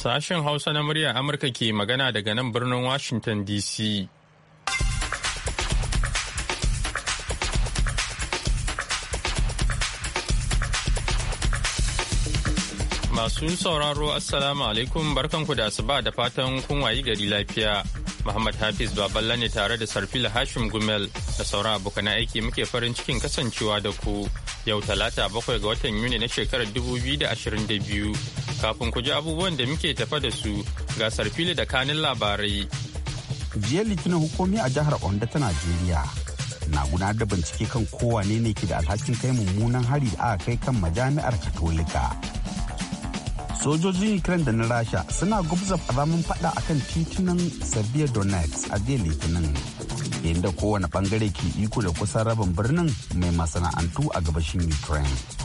Sashen Hausa na murya Amurka ke magana daga nan birnin Washington DC. Masu sauraro Assalamu alaikum barkanku da asuba da fatan kun wayi gari lafiya. Muhammad Hafiz Baballa ne tare da Sarfila Hashim Gumel da sauran abokan aiki muke farin cikin kasancewa da ku. Yau talata bakwai ga watan Yuni na shekarar 2022 Kafin ku ji abubuwan da muke tafa da su gasar fili da kanin labarai. Jiya litinin hukumi a jihar Ondo ta Najeriya na gudanar da bincike kan kowane ne ke da alhakin kai mummunan hari da aka kai kan majami'ar Katolika. sojojin ukraine da na rasha suna gubza faramin fada kan titunan serbia donetsk a jiya litinin inda kowane bangare ke iko da kusan rabin birnin mai masana'antu a gabashin ukraine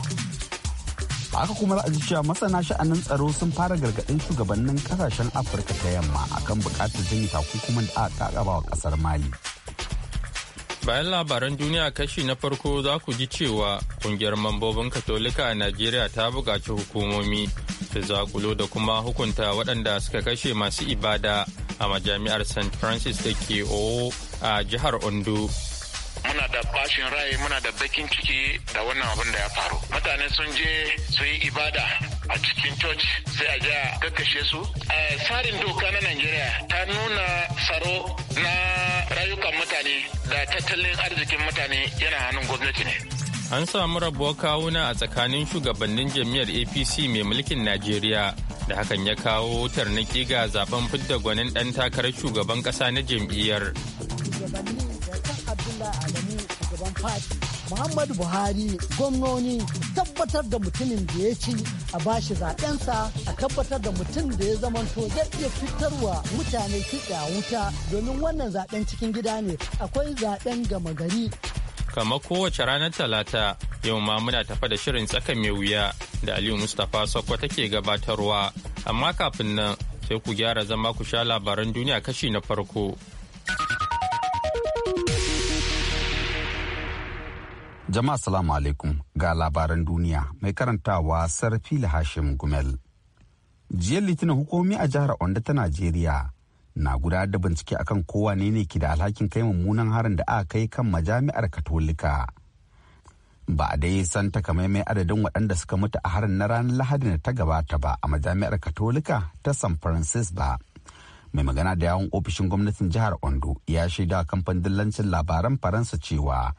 haka kuma za a ji cewa masana sha'anin tsaro sun fara gargaɗin shugabannin kasashen afirka ta yamma akan buƙatar janye takunkumin da aka kaba wa ƙasar mali bayan labaran duniya kashi na farko za ku ji cewa kungiyar mambobin katolika a najeriya ta buƙaci hukumomi su zakulo da kuma hukunta waɗanda suka kashe masu ibada a majami'ar st francis da ke o a jihar ondo muna da bashin rai muna da bakin ciki da wannan abin da ya faru mutane sun je su yi ibada a cikin church sai a ja kakkashe su a tsarin doka na najeriya ta nuna tsaro na rayukan mutane da tattalin arzikin mutane yana hannun gwamnati ne an samu rabuwar kawuna a tsakanin shugabannin jam'iyyar apc mai mulkin najeriya da hakan ya kawo na ga zaben fidda gwanin ɗan takarar shugaban ƙasa na jam'iyyar fati muhammadu buhari gwamnoni tabbatar da mutumin da ya ci a bashi zaɓensa a tabbatar da mutum da ya zamanto zai iya fitarwa mutane a wuta domin wannan zaɓen cikin gida ne akwai zaɓen gama gari kamar kowace ranar talata yau ma muna tafa da shirin tsaka mai wuya da aliyu mustapha sokko take gabatarwa amma kafin nan sai ku gyara zama ku sha labaran duniya kashi na farko Jama'a salamu alaikum ga labaran duniya mai karantawa Sarfila Hashim Gumel. Jiya litinin hukumomi a jihar Onda ta Najeriya na gudanar da bincike akan kowa ne ne ke da alhakin kai mummunan harin da aka kai kan majami'ar Katolika. Ba a dai san takamaimai adadin waɗanda suka mutu a harin na ranar Lahadi da ta gabata ba a majami'ar Katolika ta San Francis ba. Mai magana da yawon ofishin gwamnatin jihar Ondo ya shaida kamfanin dillancin labaran Faransa cewa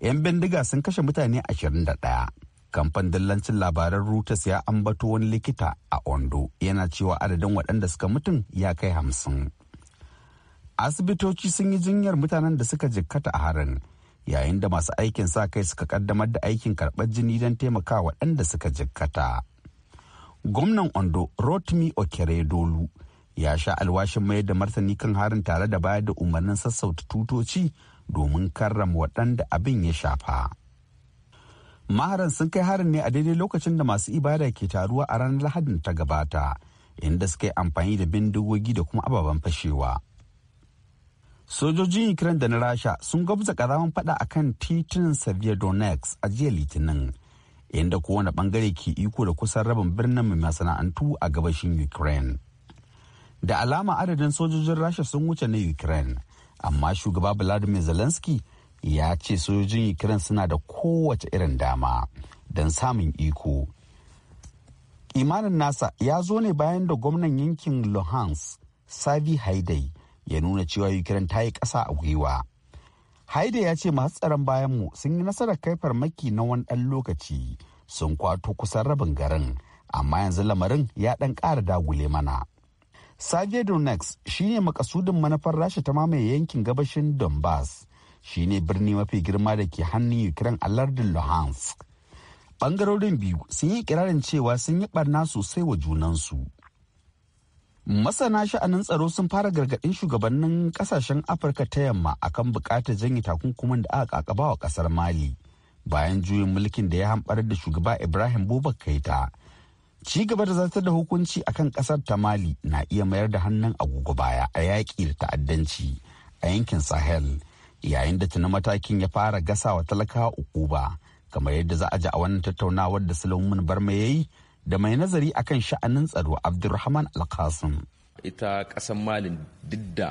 'yan bindiga sun kashe mutane 21 kamfan dillancin labaran reuters ya ambato wani likita a ondo yana cewa adadin waɗanda suka mutum ya kai hamsin asibitoci sun yi jinyar mutanen da suka jikkata a harin yayin da masu aikin sa kai suka kaddamar da aikin karɓar jini don taimaka waɗanda suka jikkata gwamnan ondo rotimi okeredolu ya sha alwashin mayar da martani kan harin tare da bayar da umarnin sassauta tutoci domin karrama waɗanda abin ya shafa. Maharan sun kai harin ne a daidai lokacin da masu ibada ke taruwa a ranar Lahadin ta gabata, inda suka yi amfani da bindigogi da kuma ababen fashewa. Sojojin Ukraine da na Rasha sun gabza ƙaramin fada a kan titunan Severodonetsk a jiya Litinin, inda kowane bangare ke iko da kusan rabin birnin mai masana'antu a gabashin Ukraine. Da alama adadin sojojin Rasha sun wuce na Ukraine. amma shugaba vladimir zelensky ya ce sojojin ukraine suna da kowace irin dama don samun iko imanin nasa ya zo ne bayan da gwamnan yankin luhansk savi haidai ya nuna cewa ukraine ta yi ƙasa a gwiwa haidai ya ce masu tsaron bayanmu sun yi nasarar kai farmaki na wani ɗan lokaci sun kwato kusan rabin garin amma yanzu lamarin ya ɗan ƙara dagule mana Sergei Donetsk ne makasudin manufar Rasha ta mamaye yankin gabashin Donbass Shi ne birni mafi girma da ke hannun Ukraine a lardin Luhansk. Bangarorin biyu sun yi kirarin cewa sun yi barna sosai wa junansu. Masana sha'anin tsaro sun fara gargaɗin shugabannin kasashen Afirka ta yamma akan buƙatar janye takunkumin da aka kakaba wa ƙasar Mali bayan juyin mulkin da ya hamɓar da shugaba Ibrahim Bubakar Keita. ci gaba da zartar da hukunci akan kasar ta mali na iya mayar da hannun agogo baya a yaƙi da ta'addanci a yankin sahel yayin da tuni matakin ya fara gasa wa talakawa ukuba kamar yadda za a ji a wannan tattaunawar da sulaiman barma ya yi da mai nazari akan sha'anin tsaro abdulrahman alkasim ita ƙasar malin duk da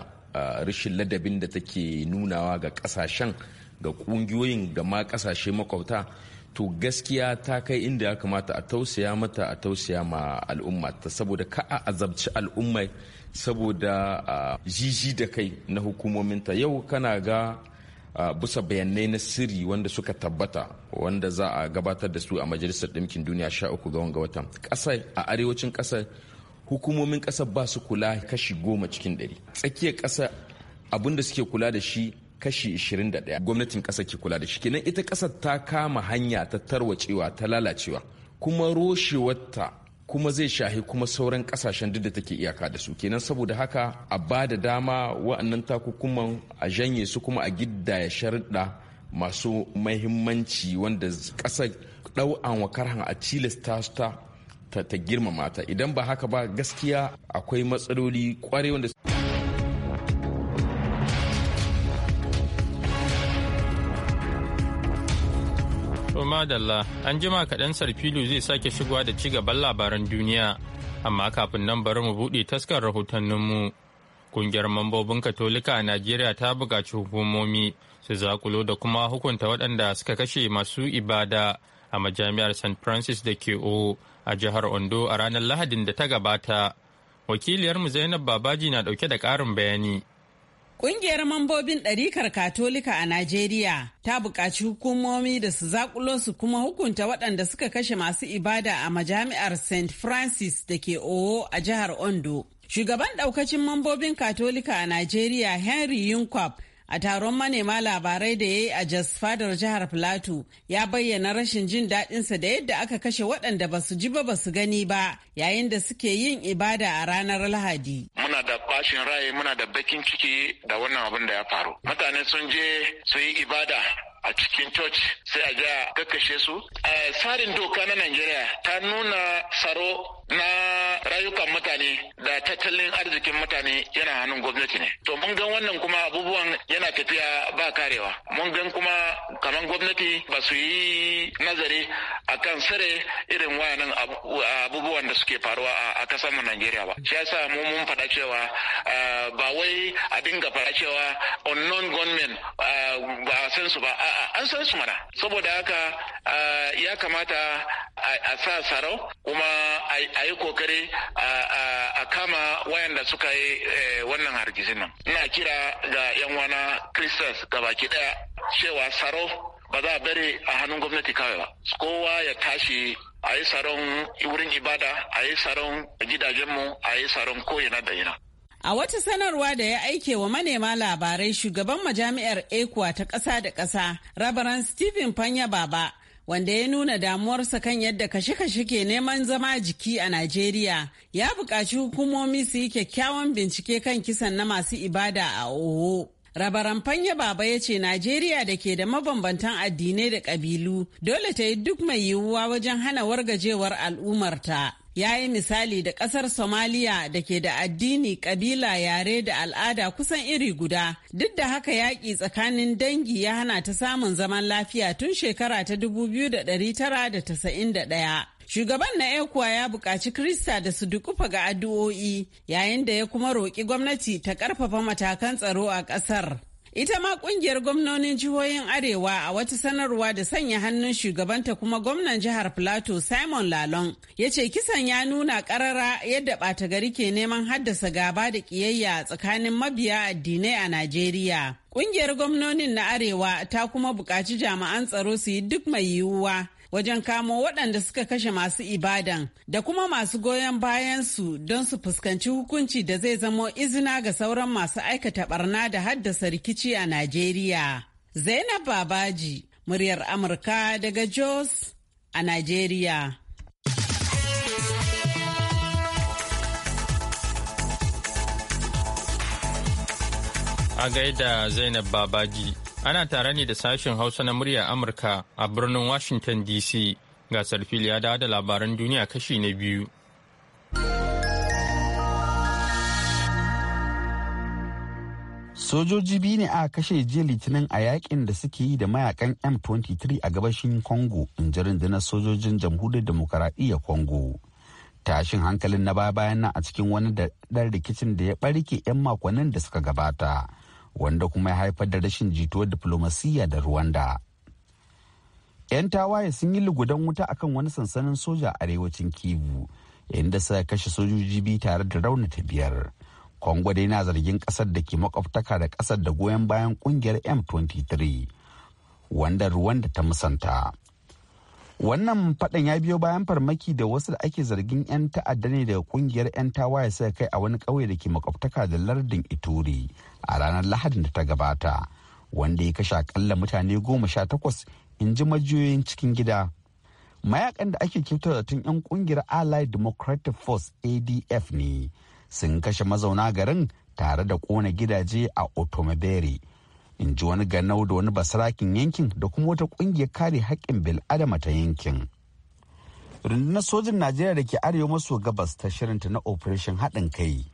rashin ladabin da take nunawa ga ƙasashen ga ƙungiyoyin da ma ƙasashe makwabta to gaskiya ta kai inda ya kamata a tausaya mata a tausaya ma al'umma ta saboda ka a azabci al'umma saboda jiji da kai na hukumominta yau kana ga bisa bayanai na sirri wanda suka tabbata wanda za a gabatar da su a majalisar ɗinkin duniya sha uku ga wanga watan ƙasa a arewacin kasa hukumomin kasa ba su kula kashi goma cikin ɗari tsakiyar ƙasa abin suke kula da shi kashi 21 gwamnatin ƙasa ke kula da shi kenan ita kasa ta kama hanya ta tarwacewa ta lalacewa kuma roshewarta kuma zai shahi kuma sauran kasashen duk da take iyaka da su kenan saboda haka a ba da dama wa'annan takukuman a janye su kuma a gidda ya sharuɗa masu mahimmanci wanda ƙasar ɗau'an wa karhan a tilasta ta ta girmama ta idan ba haka ba gaskiya akwai matsaloli kwarai wanda dalla an jima kaɗan sarfilu zai sake shigowa da ci gaban labaran duniya amma kafin nan bari mu buɗe taskar rahotanninmu kungiyar mambobin katolika a najeriya ta buƙaci hukumomi su zakulo da kuma hukunta waɗanda suka kashe masu ibada a majami'ar st francis da ke o a jihar ondo a ranar lahadin da ta gabata wakiliyarmu zainab babaji na ɗauke da ƙarin bayani Ƙungiyar mambobin ɗarikar Katolika a Najeriya ta buƙaci hukumomi da su zakulo su kuma hukunta waɗanda suka kashe masu ibada a majami'ar St. Francis da ke Owo a jihar Ondo. Shugaban ɗaukacin mambobin Katolika a Najeriya Henry Yunkwap a taron manema labarai da ya yi a Jos fadar jihar Filatu ya bayyana rashin jin daɗinsa da yadda aka kashe waɗanda ba su ji ba ba su gani ba yayin da suke yin ibada a ranar Lahadi. Muna da bashin raye muna da bakin ciki da wannan abin da ya faru. Mutane sun je su yi ibada a cikin coci. sai a ja Kakashe su a tsarin doka na najeriya ta nuna tsaro na rayukan mutane da tattalin arzikin mutane yana hannun gwamnati ne to mun gan wannan kuma abubuwan yana tafiya ba karewa mun gan kuma kamar gwamnati ba su yi nazari kan sare irin wayanan abubuwan da suke faruwa a kasar mu Najeriya ba shi yasa mu mun faɗa cewa ba wai a dinga faɗa cewa unknown gunmen ba san su ba a'a an san su mana saboda haka ya kamata a sa sarau kuma a yi kokari a kama wayanda suka yi eh, wannan hargizin nan ina kira ga yan wana ga gabaki daya cewa sarau ba za a bari a hannun gwamnati kawai ba kowa ya tashi a yi saron wurin ibada a yi saron gidajenmu a yi tsaron koyina da yana A wata sanarwa da ya aike wa manema labarai shugaban majami'ar ekuwa ta ƙasa da ƙasa, Rabaran Stephen Fanya Baba, wanda ya nuna damuwarsa kan yadda kashe-kashe ke neman zama jiki a Najeriya, ya buƙaci hukumomi su yi kyakkyawan bincike kan kisan na masu ibada a Oho. Rabaran Fanya Baba ya ce Najeriya da ke da mabambantan addinai da ƙabilu dole ta yi duk mai yiwuwa wajen hana wargajewar al'ummarta. ya yi misali da kasar somaliya da ke da addini kabila yare da al'ada kusan iri guda duk da haka yaƙi tsakanin dangi ya hana ta samun zaman lafiya tun shekara ta 2991 Shugaban na ekuwa ya buƙaci Krista da su dukufa ga addu'o'i yayin da ya kuma roƙi gwamnati ta ƙarfafa matakan tsaro a ƙasar. Ita ma kungiyar gwamnonin jihohin Arewa a wata sanarwa da sanya hannun shugabanta kuma gwamnan jihar Plateau Simon Lalon ya ce kisan ya nuna karara yadda ɓata gari ke neman haddasa gaba da ƙiyayya tsakanin mabiya addinai a Najeriya. Kungiyar gwamnonin na Arewa ta kuma buƙaci jami'an tsaro su yi duk mai yiwuwa wajen kamo waɗanda suka kashe masu ibadan da kuma masu goyon bayansu don su fuskanci hukunci da zai zamo izina ga sauran masu aikata barna da haddasa rikici a Najeriya. Zainab Babaji, muryar Amurka daga Jos a Najeriya. A gaida Zainab Babaji. Ana tare ne da sashen Hausa na murya Amurka a birnin Washington DC. Gasar fili ya da labaran duniya kashi na biyu. Sojoji biyu ne a kashe jiya litinin a yakin da suke yi da mayakan M23 a gabashin Congo in ji rundunar sojojin jamhuriyar demokaradiyyar Congo. Tashin hankalin na baya bayan na a cikin wani da rikicin da ya barke 'yan makonnin da suka gabata. wanda kuma ya haifar da rashin jituwar diflomasiyya da Rwanda. 'Yan tawaye sun yi lugudan wuta akan wani sansanin soja a arewacin Kivu, inda suka kashe sojoji biyu tare da raunata biyar. Kongo dai na zargin kasar da ke makwabtaka da kasar da goyon bayan kungiyar M23, wanda Rwanda ta musanta. Wannan faɗan ya biyo bayan farmaki da wasu da ake zargin 'yan ta'adda ne daga kungiyar 'yan tawaye sai kai a wani ƙauye da ke makwabtaka da lardin Ituri a ranar Lahadin da ta gabata, wanda ya kashe akalla mutane goma sha takwas in ji majiyoyin cikin gida. Mayakan da ake da tun 'yan kungiyar Allied Democratic Force ADF ne sun kashe mazauna garin tare da kona gidaje a Otomebere. in ji wani ganau da wani basarakin yankin da kuma wata kungiyar kare haƙƙin bil'adama ta yankin rundunar sojin najeriya da ke arewa maso gabas ta shirinta na operation haɗin kai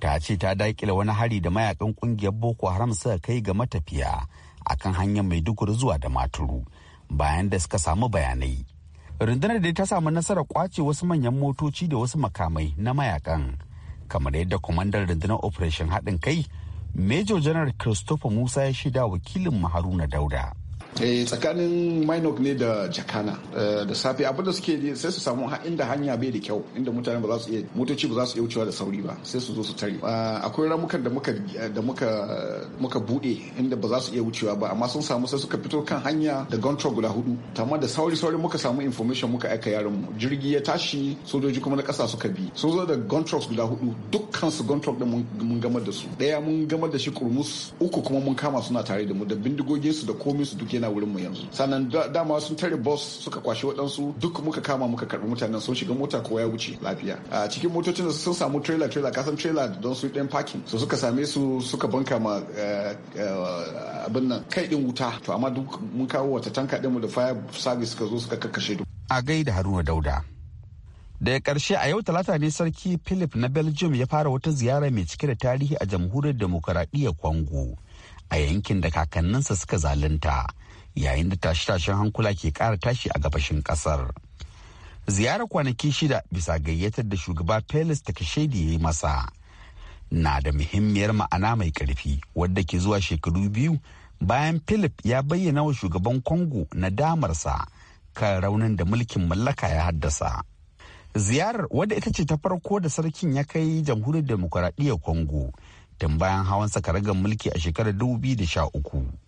ta ce ta daƙile wani hari da mayakan kungiyar boko haram suka kai ga matafiya akan hanyar maiduguri zuwa da maturu bayan da suka samu bayanai rundunar da ta samu nasarar kwace wasu manyan motoci da wasu makamai na mayakan kamar yadda kwamandan rundunar operation haɗin kai Major General Christopher Musa ya shida wakilin Haruna Dauda. eh tsakanin minok ne da jakana eh, da safe abinda suke sai su samu inda hanya bai da kyau inda mutane ba za su iya motoci ba za su iya wucewa da sauri ba sai su zo su tare eh, akwai ramukan da muka da muka muka bude inda ba za su iya wucewa ba amma sun samu sai suka fito kan hanya da gontro guda hudu amma da sauri sauri muka samu information muka aika yaron mu jirgi ya tashi sojoji kuma na kasa suka bi sun zo da gontros guda hudu dukkan su gontrok da mun gamar da su daya mun gamar da shi kurmus uku kuma mun kama suna tare da mu da bindigogin su da komai su duk yana wurin mu yanzu sannan dama sun tare bus suka kwashi waɗansu duk muka kama muka karɓi mutanen sun shiga mota kowa ya wuce lafiya a cikin motocin da sun samu trailer trailer kasan trailer don su ɗan parking so suka same su suka banka ma eh, eh, abin nan kai din wuta to amma duk mun kawo wata tanka din mu da fire service suka zo suka kakkashe duk a gaida haruna dauda daga karshe a yau talata ne sarki philip na belgium ya fara wata ziyara mai cike da tarihi a jamhuriyar demokaradiyyar Kwango a yankin da kakanninsa suka zalunta yayin da tashe-tashen hankula ke ƙara tashi a gabashin ƙasar. Ziyarar kwanaki shida bisa gayyatar da shugaba Pelis Takashedi ya yi masa na da muhimmiyar ma'ana mai karfi wadda ke zuwa shekaru biyu bayan Philip ya bayyana wa shugaban kongo na damarsa kan raunin da mulkin mallaka ya haddasa. Ziyarar wadda ita ce ta farko da sarkin ya kai jamhuriyar demokuraɗiyyar Congo tun bayan hawan sakaragar mulki a shekarar 2013.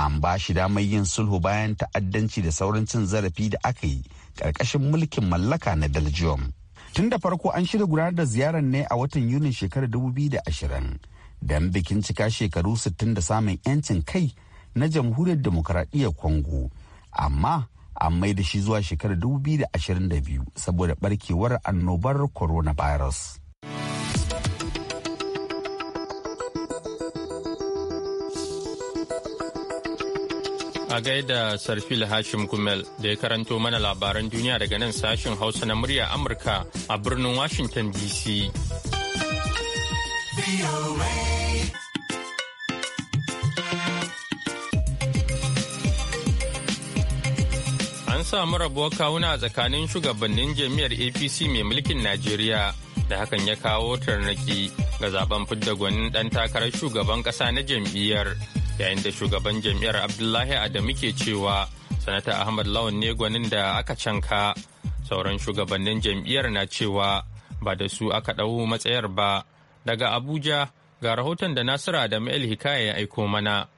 an ba shi damar yin sulhu bayan ta'addanci da saurin cin zarafi da aka yi ƙarƙashin mulkin mallaka na belgium tun da farko an shirya gudanar da ziyarar ne a watan yunin shekarar 2020 don bikin cika shekaru sittin da samun 'yancin kai na jamhuriyar demokaradiyyar congo amma an mai da shi zuwa shekarar 2022 saboda barkewar annobar coronavirus A gaida Sarfil Hashim Gumel da ya karanto mana labaran duniya daga nan sashen Hausa na murya Amurka a birnin Washington DC. An samu rabuwar kawuna a tsakanin shugabannin jami'ar APC mai mulkin Najeriya da hakan ya kawo tarnaki ga zaben fidda gwanin ɗan takarar shugaban ƙasa na jam'iyyar. yayin da shugaban jam'iyyar abdullahi adamu ke cewa sanata ahmad lawan ne gwanin da aka canka sauran shugabannin jam'iyyar na cewa ba da su aka ɗau matsayar ba daga abuja ga rahoton da Nasiru Adamu ma'il hikaya ya aiko mana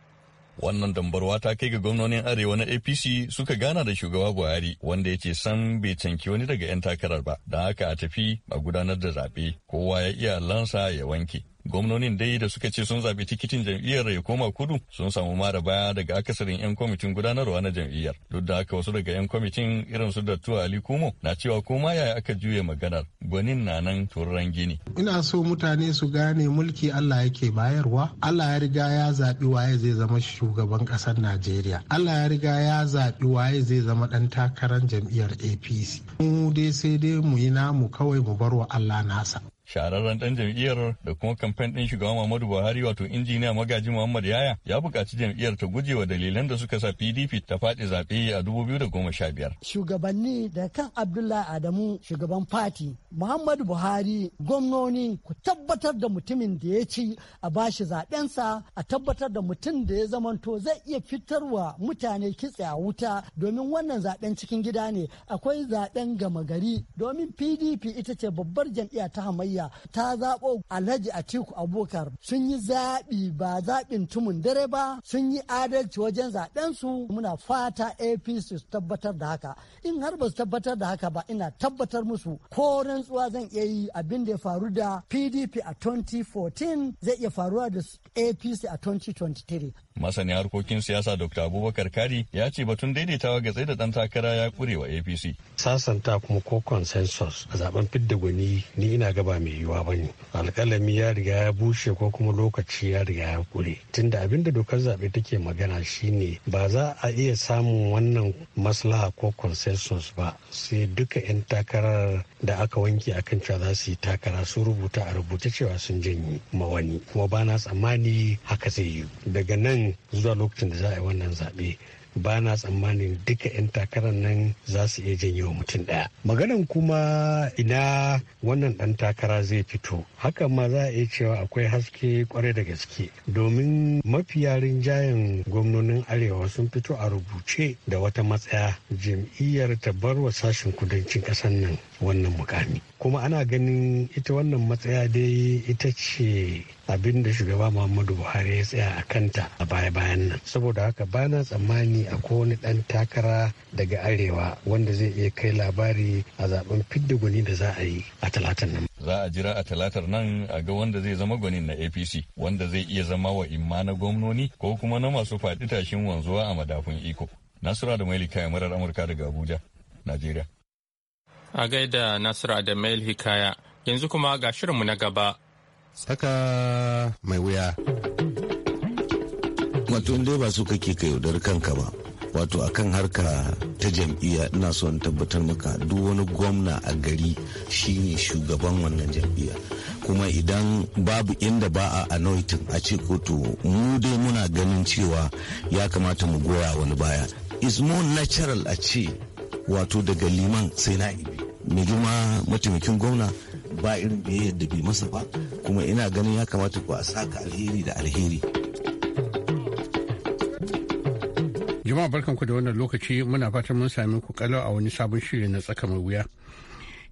wannan dambarwa ta kai ga gwamnonin arewa na apc suka gana da shugaba buhari wanda ya ce san bai canki wani daga 'yan takarar ba don haka a tafi a gudanar da zaɓe kowa ya iya lansa ya wanke gwamnonin dai da suka ce sun zaɓi tikitin jam'iyyar ya koma kudu sun samu mara baya daga akasarin 'yan kwamitin gudanarwa na jam'iyyar duk da haka wasu daga 'yan kwamitin irin su dattuwa ali kumo na cewa koma yaya aka juya maganar gwanin na nan turan gini ina so mutane su gane mulki allah yake bayarwa allah ya riga ya zabi waye zai zama shugaban ƙasar najeriya allah ya riga ya zaɓi waye zai zama ɗan takarar jam'iyyar apc mu dai sai dai mu yi namu kawai mu bar wa allah nasa shahararren dan jam'iyyar da kuma kamfen din shugaban Muhammadu Buhari wato injiniya magaji Muhammad Yaya ya buƙaci jam'iyyar ta guje wa dalilan da suka sa PDP ta faɗi zaɓe a 2015. Shugabanni da kan Abdullahi Adamu shugaban fati Muhammadu Buhari gwamnoni ku tabbatar da mutumin da ya ci a bashi zaɓensa a tabbatar da mutum da ya zamanto zai iya fitarwa mutane kitse a wuta domin wannan zaɓen cikin gida ne akwai zaɓen gama gari domin PDP ita ce babbar jam'iyya ta hamayya jiya ta zaɓo Alhaji Atiku Abubakar sun yi zaɓi ba zaɓin tumun dare ba sun yi adalci wajen zaɓensu muna fata APC su tabbatar da haka in har ba su tabbatar da haka ba ina tabbatar musu ko rantsuwa zan iya yi abin da ya faru da PDP a 2014 zai iya faruwa da APC a 2023 Masanin harkokin siyasa Dr. Abubakar Kari ya ce batun daidaitawa ga tsaye da dan takara ya kure wa APC. Sasanta kuma ko consensus a zaben fidda gwani ni ina gaba mai yiwuwa ba ne. Alƙalami ya riga ya bushe ko kuma lokaci ya riga ya kure. Tunda abinda da dokar zaɓe take magana shine ba za a iya samun wannan maslaha ko consensus ba sai duka 'yan takarar da aka wanke akan cewa za su yi takara su rubuta a rubuta cewa sun janye ma wani kuma ba na tsammani haka zai yi daga nan din zuwa lokacin da za a yi wannan zaɓe ba na tsammanin duka 'yan takarar nan za su iya janyo mutum ɗaya. Maganan kuma ina wannan ɗan takara zai fito. Hakan ma za a iya cewa akwai haske kwarai da gaske. Domin mafi yarin rinjayen gwamnonin Arewa sun fito a rubuce da wata matsaya jam'iyyar ta bar wa sashen kudancin ƙasar nan wannan mukami kuma ana ganin ita wannan matsaya dai ita ce abinda shugaba muhammadu buhari ya tsaya a kanta a baya-bayan nan saboda haka bana tsammani a wani dan takara daga arewa wanda zai iya kai labari a zaben fidda gwani da za a yi a talatan nan za a jira a talatar nan a ga wanda zai zama gwanin na apc wanda zai iya zama wa imma na gwamnoni ko kuma na masu faɗi tashin wanzuwa a madafun iko nasura da mailika murar amurka daga abuja najeriya A gaida Nasiru Adamu Hikaya yanzu kuma ga shirinmu na gaba. Saka mai wuya. Wato dai ba su kake ka yaudar kanka ba. Wato a kan harka ta jam'iyya ina so in tabbatar maka duk wani gwamna a gari shine shugaban wannan jam'iyya. kuma idan babu inda ba a anointing a ce kotu mu dai muna ganin cewa ya kamata mu goya wani baya. Is more natural a ce wato daga liman sai na ibi mai girma mataimakin gwamna ba irin biyayyar da bai masa ba kuma ina ganin ya kamata ku a saka alheri da alheri jama'a ku da wannan lokaci muna fatan mun sami ku kalau a wani sabon shiri na tsaka mai wuya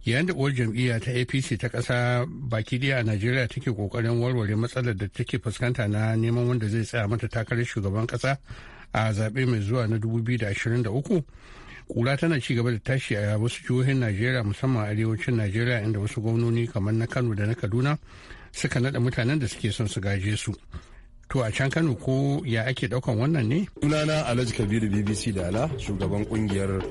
yayin da uwar jam'iyya ta apc ta ƙasa baki daya a najeriya take kokarin warware matsalar da take fuskanta na neman wanda zai tsaya mata takarar shugaban ƙasa a zaɓe mai zuwa na 2023 kura tana ci gaba da tashi a wasu jihohin najeriya musamman arewacin najeriya inda wasu gwamnoni kamar na kano da na kaduna suka nada mutanen da suke son su gaje su To a can Kano ko ya ake daukan wannan ne? Sunana Alhaji Kabiru BBC da Ala shugaban kungiyar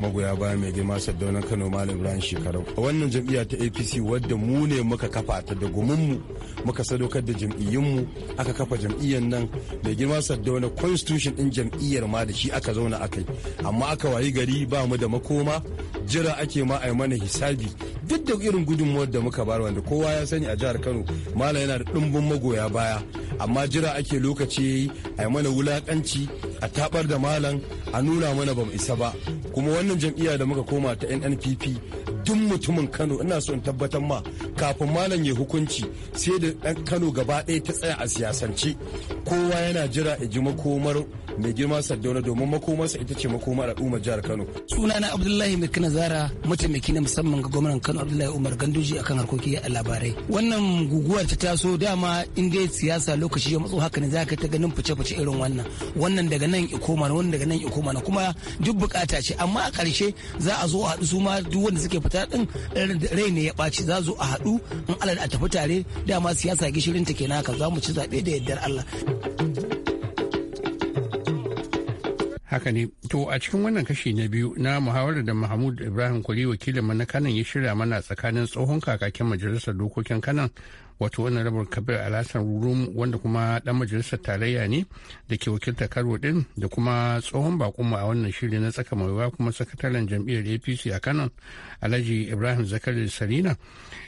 magoya baya mai girma Sadaunan Kano Malam Ibrahim Shekarau. Wannan jam'iyya ta APC wadda mu ne muka kafa ta da gumin mu muka sadaukar da jam'iyyun mu aka kafa jam'iyyar nan mai girma Saddauna constitution din jam'iyyar ma da shi aka zauna akai amma aka wayi gari ba mu da makoma jira ake ma ai mana hisabi duk da irin gudunmuwar da muka bar wanda kowa ya sani a jihar Kano Malam yana da dimbin magoya baya amma jira ake lokaci yayi a mana wulakanci a tabar da malam a nuna mana mu isa ba kuma wannan jam'iyya da muka koma ta NNPP duk mutumin Kano ina so in tabbatar ma kafin malam ya hukunci sai da ɗan Kano gaba ɗaya ta tsaya a siyasance kowa yana jira ya ji makomar mai girma sardauna domin makomarsa ita ce makoma al'ummar jihar kano sunana abdullahi mai kana zara mataimaki na musamman ga gwamnan kano abdullahi umar ganduji akan harkokin a labarai wannan guguwar ta taso dama in dai siyasa lokaci ya matso haka ne za ka ta ganin fice-fice irin wannan wannan daga nan ya koma na wannan daga nan ya koma na kuma duk bukata ce amma a karshe za a zo a haɗu su duk wanda suke fita din rai ne ya ɓaci za zo a haɗu in alal a tafi tare dama siyasa gishirin ta kenan haka za mu ci zaɓe da yardar Allah. haka ne to a cikin wannan kashi na biyu na muhawarar da mahmud ibrahim kuli wakilin mana kanan ya shirya mana tsakanin tsohon kakakin majalisar dokokin kanan wato wannan rabar kabir alhassan rurum wanda kuma dan majalisar tarayya ne da ke wakilta karo din da kuma tsohon bakonmu a wannan shiri na tsaka mai kuma sakataren jam'iyyar apc a kanan alhaji ibrahim zakari sarina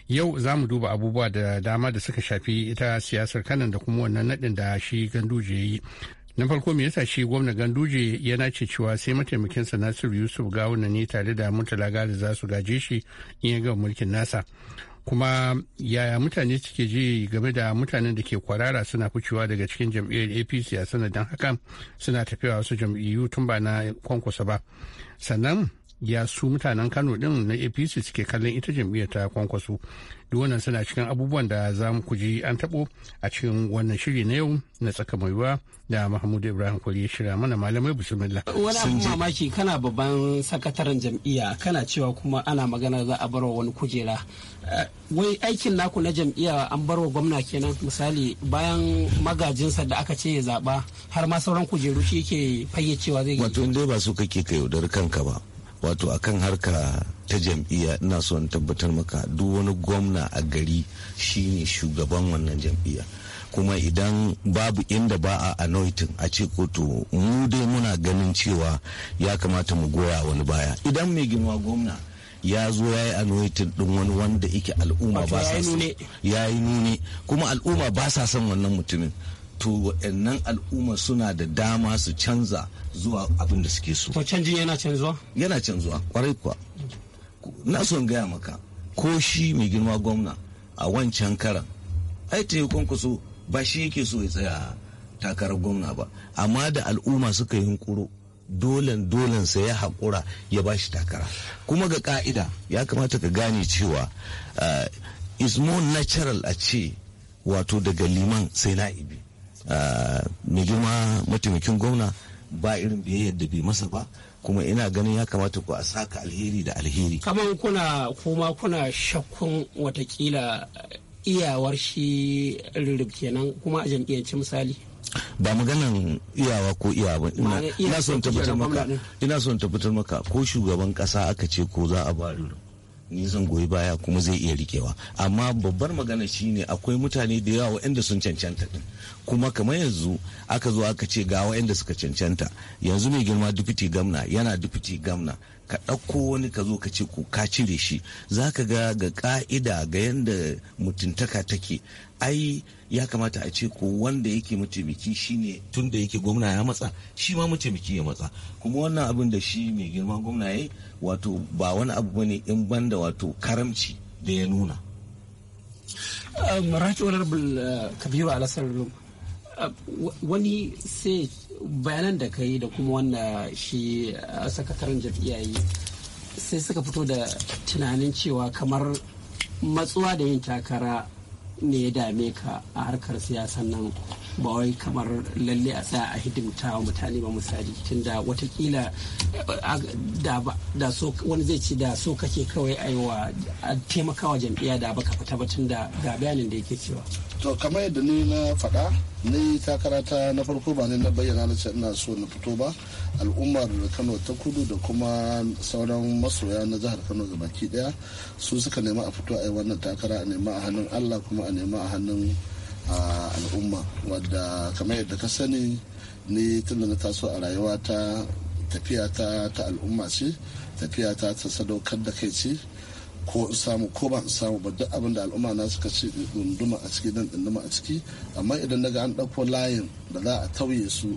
yau za mu duba abubuwa da dama da suka shafi ita siyasar kanan da kuma wannan nadin da shi ganduje ya yi na farko me yasa shi gwamna ganduje ya nace cewa sai mataimakinsa nasiru yusuf gawuna ne tare da murtala gali za su gaje shi in ya gama mulkin nasa kuma yaya mutane suke ji game da mutanen da ke kwarara suna ficewa daga cikin jam'iyyar apc a sanadin hakan suna tafiya wasu jam'iyyu tun ba na kwankwasa ba sannan ya su mutanen kano din na apc suke kallon ita jam'iyyar ta kwankwaso duk wannan suna cikin abubuwan da za mu kuji an tabo a cikin wannan shiri na yau na tsaka mai ruwa da mahmud ibrahim kwari ya shirya mana malamai bismillah wani abu mamaki kana babban sakataren jam'iyya kana cewa kuma ana magana za a barwa wani kujera eh, wai aikin naku na jam'iyya an barwa gwamna kenan misali bayan magajinsa da aka ce ya zaba har ma sauran kujeru shi ke fayyacewa zai wato in dai ba su kake ka yaudar kanka ba wato a kan harka ta jam'iyya ina so in tabbatar maka duk wani gwamna a gari shine shugaban wannan jam'iyya kuma idan babu inda ba a anointin a ce kotu mu dai muna ganin cewa ya kamata mu goya wani baya idan mai girma gwamna ya zo ya yi anointin din wani wanda yake ya yi kuma al'umma ba sa son wannan mutumin to waɗannan al'umma suna da dama su canza zuwa abin da suke so. To canjin yana canzuwa? Yana canzuwa kwarai kuwa. Na son gaya maka ko shi mai girma gwamna a wancan karan ai ta yi kwankwaso ba shi yake so ya tsaya takarar gwamna ba amma da al'umma suka yi hunkuro dolen dolen sa ya haƙura ya ba shi takara kuma ga ka'ida ya kamata ka gane cewa uh, is more natural a ce wato daga liman sai na ibi. Ah, mai girma mataimakin gwamna ba irin biyayyar da bai masa ba kuma ina ganin ya kamata ku a saka alheri da alheri kamar kuna kuma kuna shakkun watakila iyawar shi rirrib kenan kuma a jam'iyyance misali ba maganan iyawa ko iya ina son tabbatar maka ina son tabbatar maka ko shugaban kasa aka ce ko za a ba rirrib ni goyi baya kuma zai iya rikewa amma babbar magana shine akwai mutane da yawa waɗanda sun cancanta din kuma kamar yanzu aka zo aka ce ga waɗanda suka cancanta yanzu mai girma dipiti gamna yana dipiti gamna ka ɗauko wani ka zo ka ce ko ka cire shi za ka ga ga ka'ida ga yadda mutuntaka take ai ya kamata a ce ko wanda yake mataimaki ne tun da yake gwamna ya matsa shi ma mataimaki ya matsa kuma wannan abin da shi mai girman gwamna ya wato ba wani abu bane in banda wato karamci da ya nuna. Right Honorable eh, Kabiru Alassar wani sai bayanan da ka yi da kuma wanda shi uh, sakataren jam'iyya yi sai suka fito da tunanin cewa kamar matsuwa da yin takara ne ya dame ka a harkar siyasan nan ba wai kamar lalle a tsaya a hidimta wa mutane ba misali uh, da watakila da so wani zai ci da so kake kawai aiwa a taimakawa jam'iyya da baka fita ba tunda ga bayanin da yake cewa to kamar yadda ni na faɗa na yi takara ta na farko ba ne na bayyana na ina so na fito ba al'ummar kano ta kudu da kuma sauran masoya na jihar kano ga baki daya su suka nema a fito a yi wannan takara a nema a hannun allah kuma a nema a hannun al'umma wadda kamar yadda ka sani ni tun da na taso a rayuwa ta tafiya ta al'umma ce tafiya ta sadaukar da kai ce ko in samu ko ba in samu ba duk abin da al'umma na suka ce dunduma a ciki dan dunduma a ciki amma idan naga an ɗauko layin da za a tauye su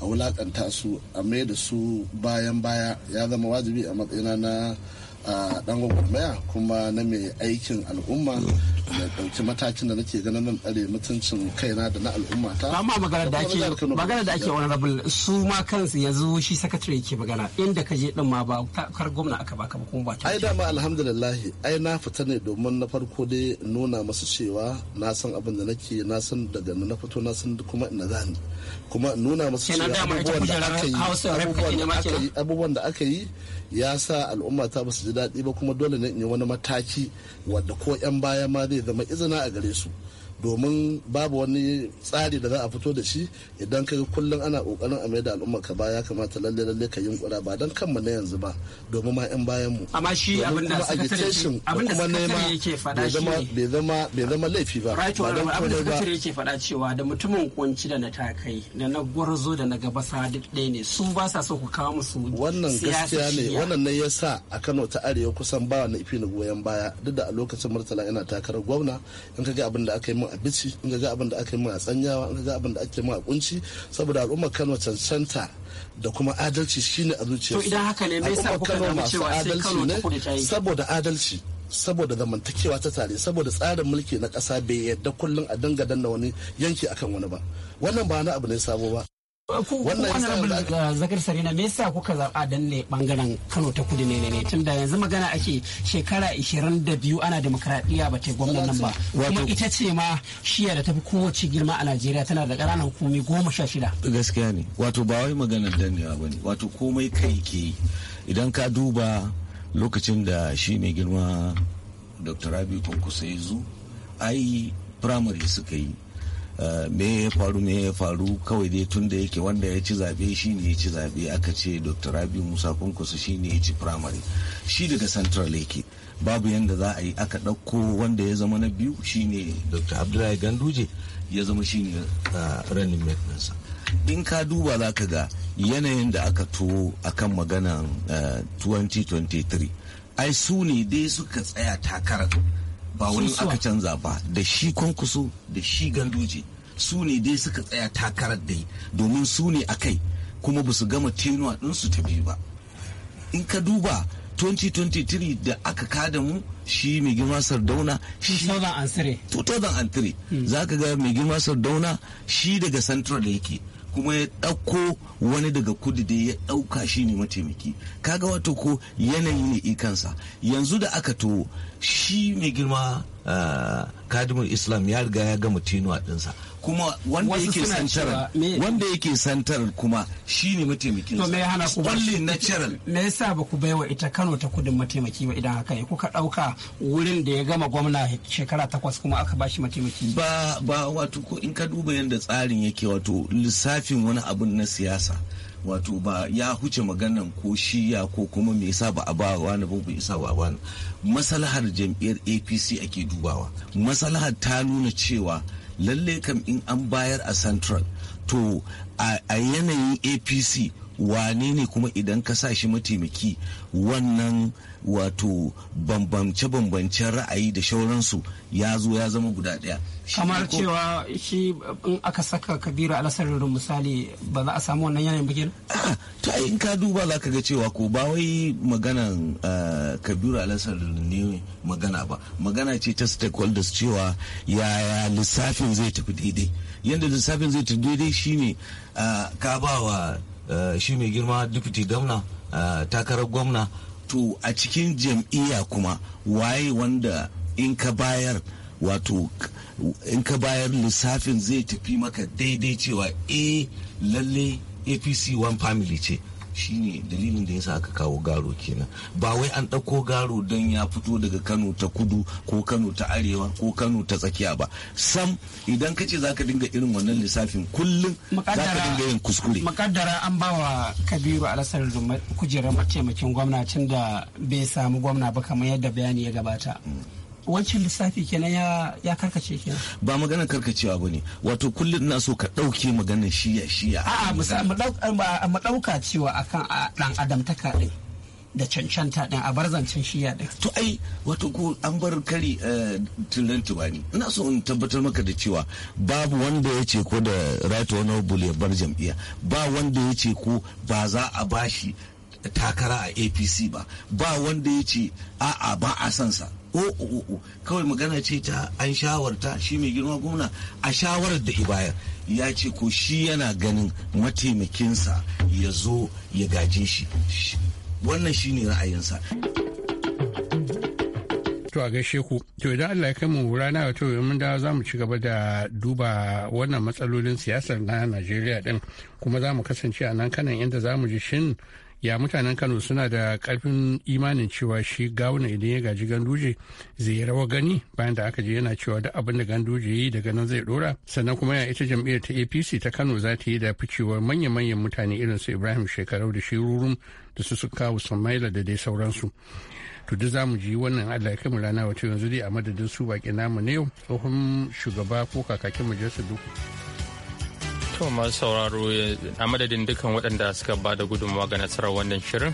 a wulakanta su a mai da su bayan baya ya zama wajibi a matsayina na dan gwagwarmaya kuma na mai aikin al'umma na ɗauki matakin da nake ganin nan tsare mutuncin kaina da na al'umma ta amma magana da ake magana da ake wani rabul su ma kansu yanzu shi sakatare yake magana inda ka je din ma ba kar gwamna aka baka ba kuma ba ta ai dama alhamdulillah ai na fita ne domin na farko dai nuna masu cewa na san abin da nake na san daga na fito na san kuma ina ni kuma nuna masu cewa abubuwan da aka yi abubuwan da aka yi abubuwan da aka yi ya sa al'umma ta ba su ji daɗi ba kuma dole ne in yi wani mataki wadda ko 'yan baya ma da zama izina a gare su domin babu wani tsari da za a fito da shi idan ka kullum ana kokarin a maida al'umma ka ba ya kamata lalle lalle ka yin kura ba dan kanmu na yanzu ba domin ma yan bayan mu amma shi abin da agitation kuma nema bai zama bai zama bai zama laifi ba abin da sakatare yake faɗa cewa da mutumin kunci da na takai da na gwarzo da na sa duk ɗaya ne su ba sa so ku kawo musu wannan gaskiya ne wannan ne yasa a Kano ta Arewa kusan ba na ifi goyon baya duk da a lokacin Murtala yana takarar gwamna in kaga abin da aka yi mu a bici in ga abin da aka yi mu a tsanyawa in ga abin da ake mu a kunci saboda al'ummar kano cancanta da kuma adalci shine a zuciyarsu to idan haka ne me yasa kuka ga cewa sai kano ta kudi ta yi saboda adalci saboda zamantakewa ta tare saboda tsarin mulki na ƙasa bai yarda kullum a dinga danna wani yanki akan wani ba wannan ba na abu ne sabo ba wannan zakar sarina me yasa kuka zaɓa danne bangaren kano ta kudu ne ne Tunda yanzu magana ake shekara 22 ana demokradiyya ba ta gwamnan nan ba kuma ita ce ma shiya da tafi kowace girma a najeriya tana da ƙananan hukumi goma sha shida gaskiya ne wato ba wai maganar dannewa ba ne wato komai kai ke idan ka duba lokacin da shi mai girma dr rabi kwankwaso ya zo ai firamare suka yi Eh, me ya faru me ya faru kawai dai tun da yake wanda ya ci zaɓe shi ne ya ci zaɓe aka ce dr rabi musa kunkusa shi ne ya ci primary shi daga central yake babu yadda za a yi aka ɗauko wanda ya zama na biyu shi ne dr abdullahi ganduje ya zama shi ne eh, running mate in ka duba za ka ga yanayin da aka to akan maganan 2023 eh, ai su ne dai suka tsaya takarar ba wani aka canza ba da shi kwankwaso da shi ganduje su ne dai suka tsaya takarar dai domin su ne a kai kuma ba su gama tenuwa ɗinsu ta biyu ba in ka duba 2023 da aka kada mu shi mai girma sardauna shi 2003 hmm. za ka ga mai girma sardauna shi daga central yake kuma ya ɗauko wani daga kudu da ya ɗauka shi ne mataimaki kaga wato ko yanayi ne ikansa yanzu da aka to shi mai girma Ah, kadimul islam ya riga ya gama a dinsa kuma wanda yake santar wanda yake santar kuma shine mataimakin to me ya hana ku ballin natural me yasa ba ku baiwa ita Kano ta kudin mataimaki ba idan haka ya kuka dauka wurin da ya gama gwamna shekara takwas kuma aka bashi mataimaki ba ba wato ko in ka duba yanda tsarin yake wato lissafin wani abun na siyasa wato ba ya huce maganan ko shiya ko kuma me yasa ba a ba wani ba isa ba wani masalahar jam'iyyar apc ake dubawa masalahar ta nuna cewa lalle kam in an bayar a central to a yanayin apc wane ne kuma idan ka sa shi mataimaki wannan wato bambance-bambancen ra'ayi da shauransu ya zo ya zama guda daya. kamar cewa shi in aka saka kabiru alasarin misali ba za a samu wannan yanayin bikin? ta in ka duba za ka ga cewa ko ba wai maganan eh, kabiru alasarin ne magana ba magana ce ta stakeholders cewa yaya lissafin zai tafi daidai yadda lissafin zai tafi daidai shine eh, ka ba wa Eh, shi mai girma deputy gwamna eh, takarar gwamna to a cikin jam'iyya kuma waye wanda in ka bayar wato in ka bayar lissafin zai tafi maka daidai cewa eh, A lalle apc one family ce shine dalilin da yasa aka kawo garo kenan ba wai an ɗauko garo don ya fito daga kano ta kudu ko kano ta arewa ko kano ta tsakiya ba sam idan ka ce zaka dinga irin wannan lissafin kullum zaka dinga yin kuskure makaddara an bawa kabiru alasar kujerar mataimakin gwamnatin da bai samu gwamna ba kamar yadda bayani ya gabata mm. wancan lissafi kenan ya ya karkace kenan ba maganar karkacewa bane wato kullum na so ka dauke maganar shiya shiya a'a mu dauka cewa akan dan adam ta kadai da cancanta din a barzancin shiya din to ai wato ko an bar kari eh, tilan tubani ina so in tabbatar maka da cewa babu wanda ya ce ko da right honorable ya bar jam'iyya ba wanda ya ce ko ba za a bashi takara a apc ba ba wanda ya ce a'a ba a son sa o kawai magana ce ta an shawarta shi mai girma gwamna a shawarar da ibaya ya ce ko shi yana ganin mataimakinsa ya zo ya gaje shi wannan shi shine ra'ayinsa to a gaishe ku to idan Allah ya kai mu rana to mun da zamu mu ci gaba da duba wannan matsalolin siyasar na Najeriya din kuma zamu kasance a nan kanan inda zamu ji shin ya mutanen kano suna da karfin imanin cewa shi gawuna idan ya gaji ganduje zai yi rawa gani bayan da aka je yana cewa duk abin da ganduje yi daga nan zai dora sannan kuma ya ita jam'iyyar ta apc ta kano za ta yi da ficewar manya-manyan mutane irin su ibrahim shekarau da shi rurum da su su kawo samaila da dai sauransu to duk zamu ji wannan allah ya kai rana wato yanzu dai a madadin su baki namu ne yau tsohon shugaba ko kakakin majalisar duk To masu sauraro a madadin dukan waɗanda suka ba da gudunmawa ga nasarar wannan shirin,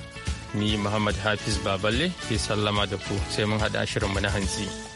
ni Muhammad Hafiz Baballe ke sallama da ku sai mun haɗa mu na hantsi.